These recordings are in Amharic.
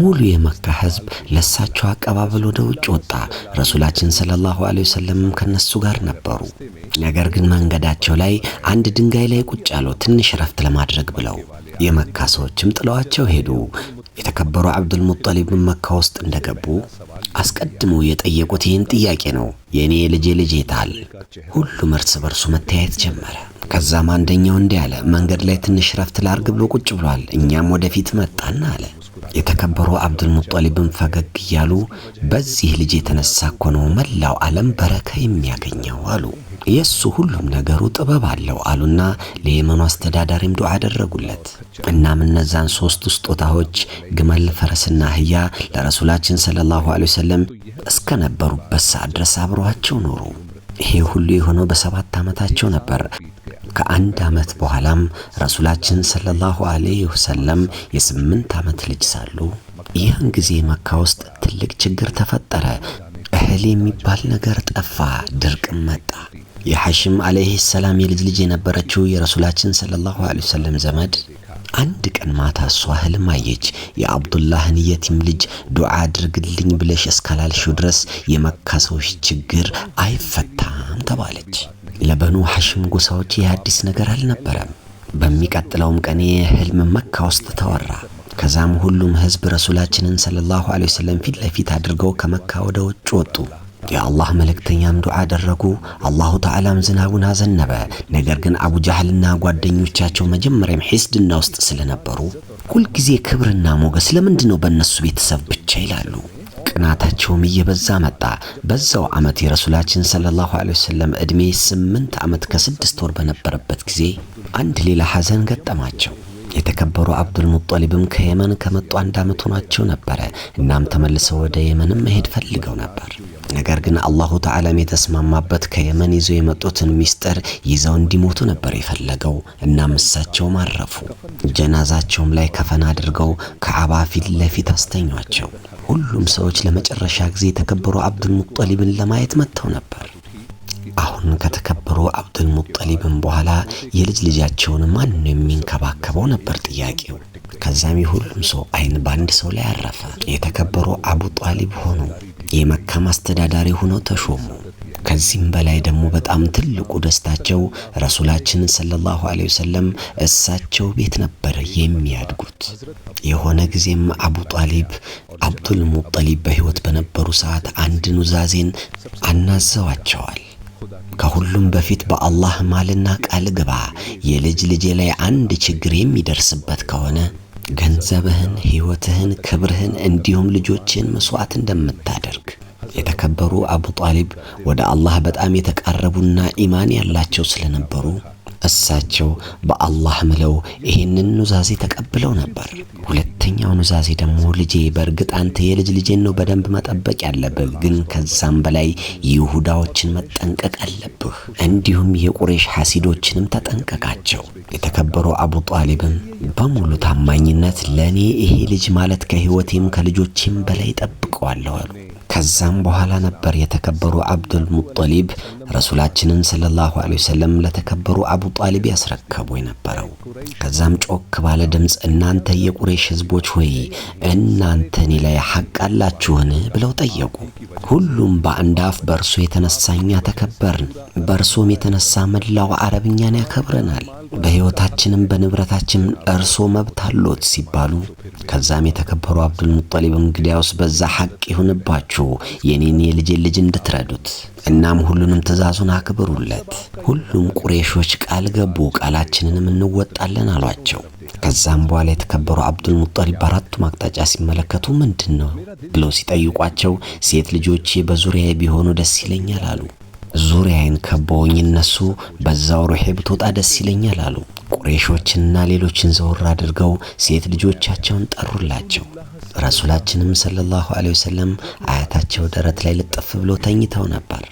ሙሉ የመካ ህዝብ ለሳቸው አቀባበል ወደ ውጭ ወጣ። ረሱላችን ሰለላሁ ዐለይሂ ወሰለምም ከነሱ ጋር ነበሩ። ነገር ግን መንገዳቸው ላይ አንድ ድንጋይ ላይ ቁጭ ያለው ትንሽ ረፍት ለማድረግ ብለው የመካ ሰዎችም ጥለዋቸው ሄዱ። የተከበሩ አብዱል መካ ውስጥ እንደገቡ አስቀድሞ የጠየቁት ይህን ጥያቄ ነው። የእኔ ልጄ ልጅ የታል? ሁሉም እርስ በርሱ መተያየት ጀመረ። ከዛም አንደኛው እንዲህ አለ፣ መንገድ ላይ ትንሽ ረፍት ላርግ ብሎ ቁጭ ብሏል። እኛም ወደፊት መጣን አለ። የተከበሩ አብዱልሙጠሊብን ፈገግ እያሉ በዚህ ልጅ የተነሳ እኮ ነው መላው ዓለም በረካ የሚያገኘው አሉ። የእሱ ሁሉም ነገሩ ጥበብ አለው አሉና ለየመኑ አስተዳዳሪም ዱዓ አደረጉለት። እናም እነዛን ሶስት ስጦታዎች ግመል፣ ፈረስና አህያ ለረሱላችን ሰለላሁ ዐለይሂ ወሰለም እስከነበሩበት ሰዓት ድረስ አብረዋቸው ኖሩ። ይሄ ሁሉ የሆነው በሰባት ዓመታቸው ነበር። ከአንድ ዓመት በኋላም ረሱላችን ሰለላሁ ዐለይሂ ወሰለም የስምንት ዓመት ልጅ ሳሉ ይህን ጊዜ መካ ውስጥ ትልቅ ችግር ተፈጠረ። እህል የሚባል ነገር ጠፋ፣ ድርቅም መጣ። የሐሽም ዐለይሂ ሰላም የልጅ ልጅ የነበረችው የረሱላችን ሰለላሁ ዐለይሂ ወሰለም ዘመድ አንድ ቀን ማታ እሷ ህልም አየች። የአብዱላህን የቲም ልጅ ዱዓ አድርግልኝ ብለሽ እስካላልሽው ድረስ የመካ ሰዎች ችግር አይፈታም ተባለች። ለበኑ ሐሽም ጎሳዎች የአዲስ ነገር አልነበረም። በሚቀጥለውም ቀን የህልም መካ ውስጥ ተወራ። ከዛም ሁሉም ህዝብ ረሱላችንን ሰለላሁ ዐለይሂ ወሰለም ፊት ለፊት አድርገው ከመካ ወደ ውጭ ወጡ። የአላህ መልእክተኛም ዱዓ አደረጉ። አላሁ ተዓላም ዝናቡን አዘነበ። ነገር ግን አቡ ጃህልና ጓደኞቻቸው መጀመሪያም ሒስድና ውስጥ ስለነበሩ ሁልጊዜ ክብርና ሞገስ ለምንድን ነው በእነሱ ቤተሰብ ብቻ ይላሉ? ቅናታቸውም እየበዛ መጣ። በዛው ዓመት የረሱላችን ሰለላሁ ዐለይሂ ወሰለም ዕድሜ ስምንት ዓመት ከስድስት ወር በነበረበት ጊዜ አንድ ሌላ ሐዘን ገጠማቸው። የተከበሩ አብዱልሙጠሊብም ከየመን ከመጡ አንድ ዓመት ሆኗቸው ነበረ። እናም ተመልሰው ወደ የመንም መሄድ ፈልገው ነበር። ነገር ግን አላሁ ተዓላም የተስማማበት ከየመን ይዘው የመጡትን ሚስጥር ይዘው እንዲሞቱ ነበር የፈለገው። እናም እሳቸውም አረፉ። ጀናዛቸውም ላይ ከፈን አድርገው ከአባ ፊት ለፊት አስተኟቸው። ሁሉም ሰዎች ለመጨረሻ ጊዜ የተከበሩ አብዱል ሙጠሊብን ለማየት መጥተው ነበር። አሁን ከተከበሩ አብዱል ሙጠሊብን በኋላ የልጅ ልጃቸውን ማን የሚንከባከበው ነበር ጥያቄው። ከዛም የሁሉም ሰው አይን በአንድ ሰው ላይ አረፈ። የተከበሩ አቡ ጣሊብ ሆኖ የመካም አስተዳዳሪ ሆነው ተሾሙ። ከዚህም በላይ ደግሞ በጣም ትልቁ ደስታቸው ረሱላችን ሰለላሁ ዐለይሂ ወሰለም እሳቸው ቤት ነበር የሚያድጉት። የሆነ ጊዜም አቡ ጣሊብ አብዱል ሙጠሊብ በሕይወት በነበሩ ሰዓት አንድ ኑዛዜን አናዘዋቸዋል። ከሁሉም በፊት በአላህ ማልና ቃል ግባ፣ የልጅ ልጄ ላይ አንድ ችግር የሚደርስበት ከሆነ ገንዘብህን፣ ሕይወትህን፣ ክብርህን እንዲሁም ልጆችህን መስዋዕት እንደምታደርግ የተከበሩ አቡ ጣሊብ ወደ አላህ በጣም የተቃረቡና ኢማን ያላቸው ስለነበሩ እሳቸው በአላህ ምለው ይህንን ኑዛዜ ተቀብለው ነበር። ሁለተኛው ኑዛዜ ደግሞ ልጄ፣ በእርግጥ አንተ የልጅ ልጄን ነው በደንብ መጠበቅ ያለብህ፣ ግን ከዛም በላይ ይሁዳዎችን መጠንቀቅ አለብህ። እንዲሁም የቁሬሽ ሐሲዶችንም ተጠንቀቃቸው። የተከበሩ አቡ ጣሊብም በሙሉ ታማኝነት ለእኔ ይሄ ልጅ ማለት ከሕይወቴም ከልጆቼም በላይ ጠብቀዋለሁ አሉ። ከዛም በኋላ ነበር የተከበሩ አብዱል ሙጠሊብ ረሱላችንን ሰለላሁ ዐለይሂ ወሰለም ለተከበሩ አቡ ጣሊብ ያስረከቡ የነበረው። ከዛም ጮክ ባለ ድምፅ እናንተ የቁሬሽ ህዝቦች ሆይ እናንተ እኔ ላይ ሐቅ አላችሁን? ብለው ጠየቁ። ሁሉም በአንድ አፍ የተነሳኛ የተነሳ እኛ ተከበርን፣ በእርሶም የተነሳ መላው አረብኛን ያከብረናል በሕይወታችንም በንብረታችን እርሶ መብት አሎት ሲባሉ፣ ከዛም የተከበሩ አብዱልሙጠሊብ እንግዲያውስ በዛ ሐቅ ይሁንባችሁ የኔን የልጄን ልጅ እንድትረዱት እናም ሁሉንም ትእዛዙን አክብሩለት። ሁሉም ቁሬሾች ቃል ገቡ፣ ቃላችንንም እንወጣለን አሏቸው። ከዛም በኋላ የተከበሩ አብዱልሙጠሊብ በአራቱም አቅጣጫ ሲመለከቱ ምንድን ነው ብለው ሲጠይቋቸው ሴት ልጆቼ በዙሪያ ቢሆኑ ደስ ይለኛል አሉ። ዙሪያዬን ከበውኝ እነሱ በዛው ሩሄ ብትወጣ ደስ ይለኛል አሉ። ቁሬሾችንና ሌሎችን ዘወር አድርገው ሴት ልጆቻቸውን ጠሩላቸው። ረሱላችንም ሰለላሁ ዐለይሂ ወሰለም አያታቸው ደረት ላይ ልጥፍ ብሎ ተኝተው ነበር።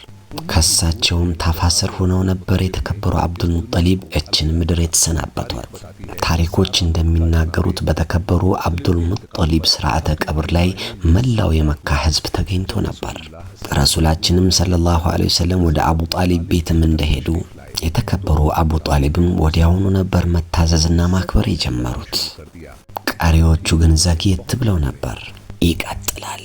ከሳቸውም ታፋስር ሆነው ነበር የተከበሩ አብዱል ሙጠሊብ እችን ምድር የተሰናበቷት። ታሪኮች እንደሚናገሩት በተከበሩ አብዱል ሙጠሊብ ስርዓተ ቀብር ላይ መላው የመካ ህዝብ ተገኝቶ ነበር። ረሱላችንም ሰለላሁ ዐለይሂ ወሰለም ወደ አቡ ጣሊብ ቤትም እንደሄዱ የተከበሩ አቡ ጣሊብም ወዲያውኑ ነበር መታዘዝና ማክበር የጀመሩት። ቀሪዎቹ ግን ዘግየት ብለው ነበር። ይቀጥላል።